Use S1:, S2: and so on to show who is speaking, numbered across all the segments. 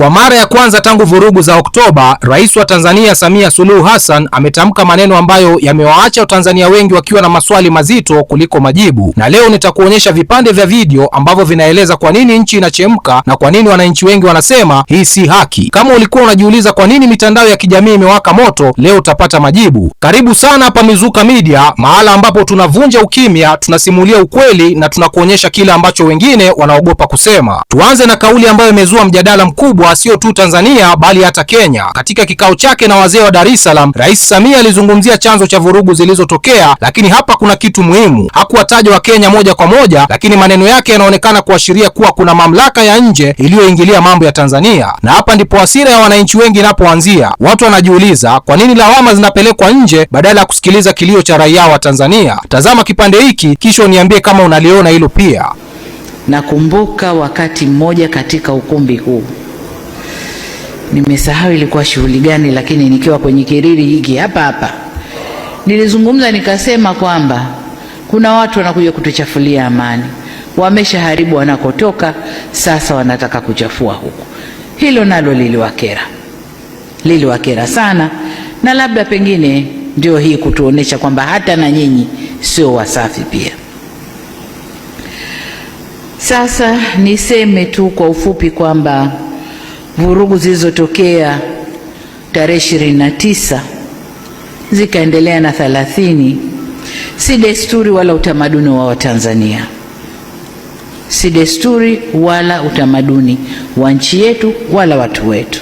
S1: Kwa mara ya kwanza tangu vurugu za Oktoba, Rais wa Tanzania Samia Suluhu Hassan ametamka maneno ambayo yamewaacha Watanzania wengi wakiwa na maswali mazito kuliko majibu. Na leo nitakuonyesha vipande vya video ambavyo vinaeleza kwa nini nchi inachemka na kwa nini wananchi wengi wanasema hii si haki. Kama ulikuwa unajiuliza kwa nini mitandao ya kijamii imewaka moto, leo utapata majibu. Karibu sana hapa Mizuka Media, mahala ambapo tunavunja ukimya, tunasimulia ukweli na tunakuonyesha kile ambacho wengine wanaogopa kusema. Tuanze na kauli ambayo imezua mjadala mkubwa ikawa sio tu Tanzania bali hata Kenya. Katika kikao chake na wazee wa Dar es Salaam, Rais Samia alizungumzia chanzo cha vurugu zilizotokea, lakini hapa kuna kitu muhimu. Hakuwataja Wakenya moja kwa moja, lakini maneno yake yanaonekana kuashiria kuwa kuna mamlaka ya nje iliyoingilia mambo ya Tanzania, na hapa ndipo hasira ya wananchi wengi inapoanzia. Watu wanajiuliza kwa nini lawama zinapelekwa nje badala ya kusikiliza kilio cha raia wa Tanzania. Tazama kipande hiki kisha uniambie kama unaliona hilo pia.
S2: Nakumbuka wakati mmoja katika ukumbi huu nimesahau ilikuwa shughuli gani, lakini nikiwa kwenye kiriri hiki hapa hapa nilizungumza nikasema kwamba kuna watu wanakuja kutuchafulia amani, wameshaharibu wanakotoka, sasa wanataka kuchafua huku. Hilo nalo liliwakera, liliwakera sana, na labda pengine ndio hii kutuonesha kwamba hata na nyinyi sio wasafi pia. Sasa niseme tu kwa ufupi kwamba vurugu zilizotokea tarehe ishirini na tisa zikaendelea na thelathini si desturi wala utamaduni wa Watanzania, si desturi wala utamaduni wa nchi yetu wala watu wetu.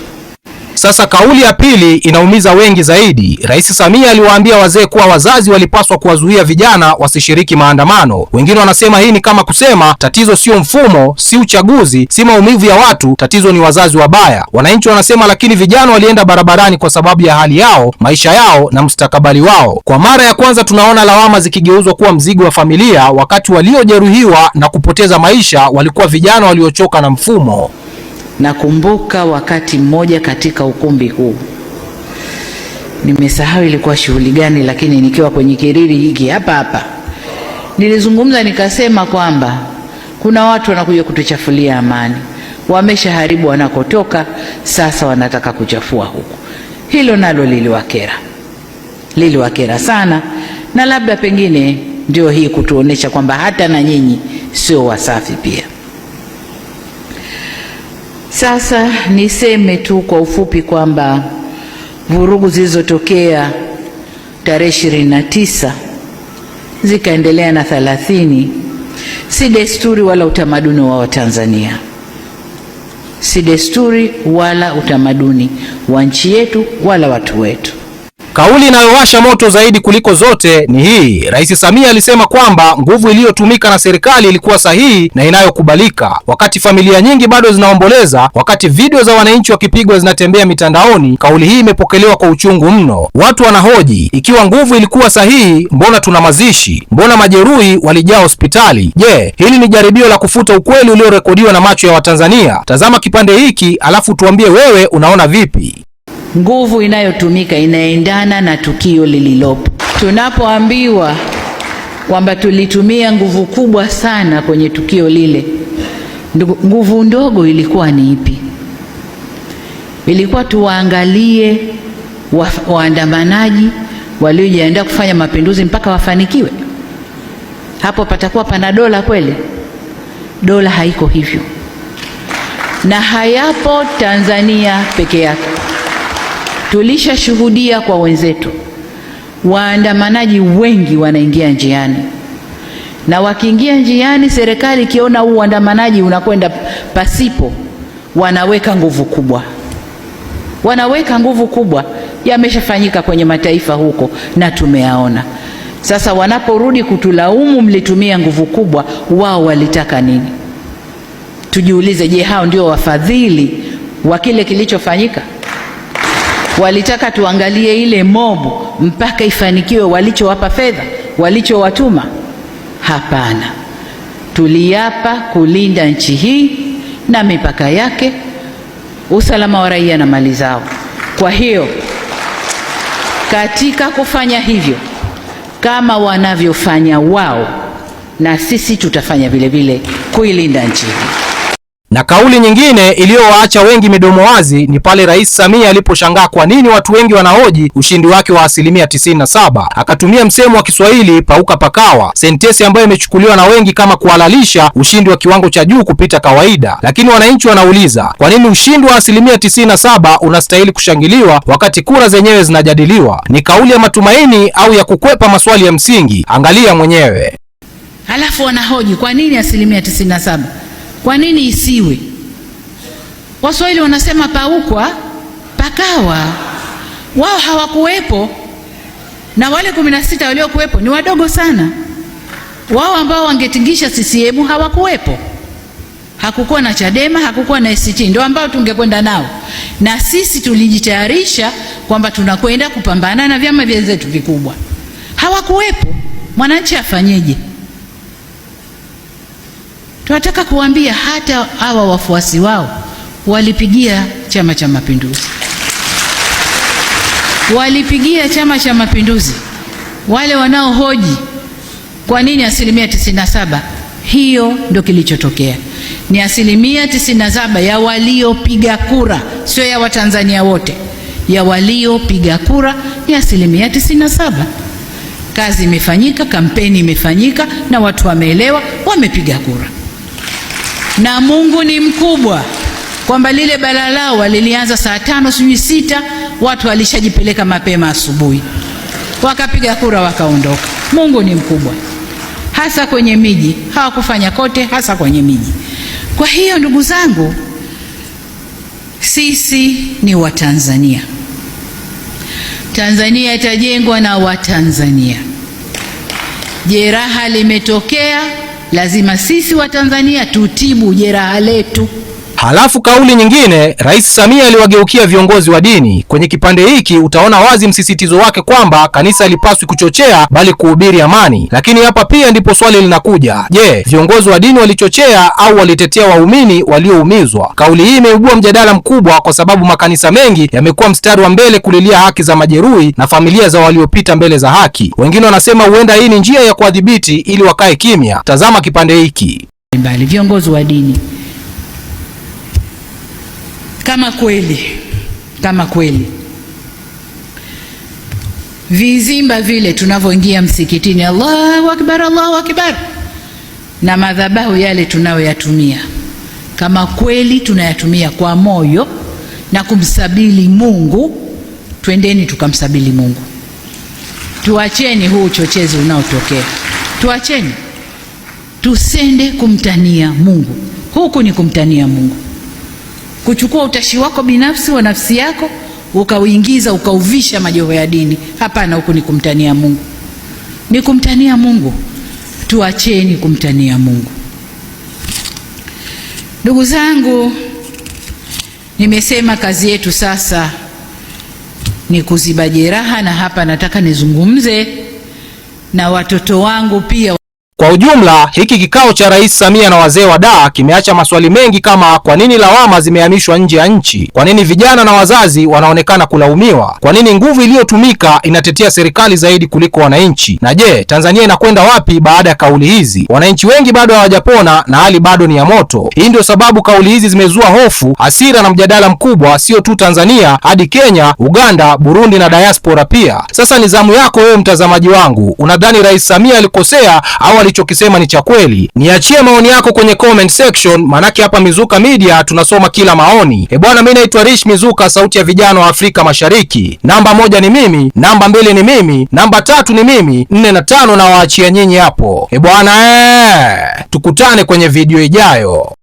S1: Sasa kauli ya pili inaumiza wengi zaidi. Rais Samia aliwaambia wazee kuwa wazazi walipaswa kuwazuia vijana wasishiriki maandamano. Wengine wanasema hii ni kama kusema tatizo sio mfumo, si uchaguzi, si maumivu ya watu, tatizo ni wazazi wabaya. Wananchi wanasema lakini vijana walienda barabarani kwa sababu ya hali yao, maisha yao na mustakabali wao. Kwa mara ya kwanza tunaona lawama zikigeuzwa kuwa mzigo wa familia, wakati waliojeruhiwa na kupoteza maisha walikuwa vijana waliochoka na mfumo.
S2: Nakumbuka wakati mmoja katika ukumbi huu, nimesahau ilikuwa shughuli gani, lakini nikiwa kwenye kiriri hiki hapa hapa nilizungumza nikasema kwamba kuna watu wanakuja kutuchafulia amani, wameshaharibu wanakotoka, sasa wanataka kuchafua huku. Hilo nalo liliwakera, liliwakera sana, na labda pengine ndio hii kutuonesha kwamba hata na nyinyi sio wasafi pia. Sasa niseme tu kwa ufupi kwamba vurugu zilizotokea tarehe ishirini na tisa zikaendelea na thalathini si desturi wala utamaduni wa Watanzania, si desturi wala utamaduni wa nchi yetu wala watu wetu.
S1: Kauli inayowasha moto zaidi kuliko zote ni hii. Rais Samia alisema kwamba nguvu iliyotumika na serikali ilikuwa sahihi na inayokubalika, wakati familia nyingi bado zinaomboleza, wakati video za wananchi wakipigwa zinatembea mitandaoni. Kauli hii imepokelewa kwa uchungu mno. Watu wanahoji, ikiwa nguvu ilikuwa sahihi, mbona tuna mazishi? Mbona majeruhi walijaa hospitali? Je, yeah, hili ni jaribio la kufuta ukweli uliorekodiwa na macho ya Watanzania? Tazama kipande hiki alafu tuambie wewe unaona vipi?
S2: nguvu inayotumika inaendana na tukio lililopo. Tunapoambiwa kwamba tulitumia nguvu kubwa sana kwenye tukio lile, nguvu ndogo ilikuwa ni ipi? Ilikuwa tuwaangalie wa, waandamanaji waliojiandaa kufanya mapinduzi mpaka wafanikiwe? Hapo patakuwa pana dola kweli? Dola haiko hivyo, na hayapo Tanzania peke yake. Tulishashuhudia kwa wenzetu waandamanaji wengi wanaingia njiani, na wakiingia njiani, serikali ikiona huu uandamanaji unakwenda pasipo, wanaweka nguvu kubwa, wanaweka nguvu kubwa. Yameshafanyika kwenye mataifa huko na tumeyaona. Sasa wanaporudi kutulaumu, mlitumia nguvu kubwa, wao walitaka nini? Tujiulize, je, hao ndio wafadhili wa kile kilichofanyika? Walitaka tuangalie ile mobu mpaka ifanikiwe walichowapa fedha, walichowatuma? Hapana, tuliapa kulinda nchi hii na mipaka yake, usalama wa raia na mali zao. Kwa hiyo katika kufanya hivyo, kama wanavyofanya wao, na sisi tutafanya vile vile kuilinda nchi hii.
S1: Na kauli nyingine iliyowaacha wengi midomo wazi ni pale Rais Samia aliposhangaa kwa nini watu wengi wanahoji ushindi wake wa asilimia 97. Akatumia msemo wa Kiswahili pauka pakawa, sentensi ambayo imechukuliwa na wengi kama kuhalalisha ushindi wa kiwango cha juu kupita kawaida. Lakini wananchi wanauliza, kwa nini ushindi wa asilimia 97 unastahili kushangiliwa wakati kura zenyewe zinajadiliwa? Ni kauli ya matumaini au ya kukwepa maswali ya msingi? Angalia mwenyewe.
S2: Halafu wanahoji kwa nini asilimia 97? Kwa nini isiwe? Waswahili wanasema paukwa pakawa, wao hawakuwepo, na wale kumi na sita waliokuwepo ni wadogo sana. Wao ambao wangetingisha CCM hawakuwepo, hakukuwa na Chadema, hakukuwa na ACT, ndio ambao tungekwenda nao, na sisi tulijitayarisha kwamba tunakwenda kupambana na vyama vyenzetu vikubwa. Hawakuwepo, mwananchi afanyeje? Tunataka kuambia hata hawa wafuasi wao walipigia Chama cha Mapinduzi, walipigia Chama cha Mapinduzi. Wale wanaohoji kwa nini asilimia 97, hiyo ndio kilichotokea. Ni asilimia 97 ya waliopiga kura, sio ya Watanzania wote, ya waliopiga kura ni asilimia 97. Kazi imefanyika, kampeni imefanyika na watu wameelewa, wamepiga kura na Mungu ni mkubwa, kwamba lile bala lilianza saa tano sijui sita, watu walishajipeleka mapema asubuhi, wakapiga kura wakaondoka. Mungu ni mkubwa, hasa kwenye miji. Hawakufanya kote, hasa kwenye miji. Kwa hiyo ndugu zangu, sisi ni Watanzania. Tanzania itajengwa na Watanzania. Jeraha limetokea Lazima sisi Watanzania tutibu jeraha letu.
S1: Halafu kauli nyingine, Rais Samia aliwageukia viongozi wa dini. Kwenye kipande hiki utaona wazi msisitizo wake kwamba kanisa halipaswi kuchochea bali kuhubiri amani. Lakini hapa pia ndipo swali linakuja, je, viongozi wa dini walichochea au walitetea waumini walioumizwa? Kauli hii imeibua mjadala mkubwa kwa sababu makanisa mengi yamekuwa mstari wa mbele kulilia haki za majeruhi na familia za waliopita mbele za haki. Wengine wanasema huenda hii ni njia ya kuwadhibiti ili wakae kimya. Tazama kipande hiki.
S2: Viongozi wa dini kama kweli kama kweli vizimba vile tunavyoingia msikitini, Allahu akbar, Allahu akbar, na madhabahu yale tunayoyatumia, kama kweli tunayatumia kwa moyo na kumsabili Mungu, twendeni tukamsabili Mungu. Tuacheni huu uchochezi unaotokea, tuacheni, tusende kumtania Mungu. Huku ni kumtania Mungu kuchukua utashi wako binafsi wa nafsi yako ukauingiza ukauvisha majoho ya dini. Hapana, huku ni kumtania Mungu, ni kumtania Mungu. Tuacheni kumtania Mungu. Ndugu zangu, nimesema kazi yetu sasa ni kuziba jeraha, na hapa nataka nizungumze na watoto wangu pia.
S1: Kwa ujumla, hiki kikao cha Rais Samia na wazee wa da kimeacha maswali mengi kama kwa nini lawama zimehamishwa nje ya nchi? Kwa nini vijana na wazazi wanaonekana kulaumiwa? Kwa nini nguvu iliyotumika inatetea serikali zaidi kuliko wananchi? Na je, Tanzania inakwenda wapi baada ya kauli hizi? Wananchi wengi bado hawajapona na hali bado ni ya moto. Hii ndio sababu kauli hizi zimezua hofu, hasira na mjadala mkubwa, sio tu Tanzania, hadi Kenya, Uganda, Burundi na diaspora pia. Sasa ni zamu yako wewe mtazamaji wangu, unadhani Rais Samia alikosea au alichokisema ni cha kweli? Niachie maoni yako kwenye comment section, manake hapa Mizuka Media tunasoma kila maoni. E bwana, mimi naitwa Rish Mizuka, sauti ya vijana wa Afrika Mashariki. Namba moja ni mimi, namba mbili ni mimi, namba tatu ni mimi, nne na tano na waachia nyinyi hapo. E bwana, ee, tukutane kwenye video ijayo.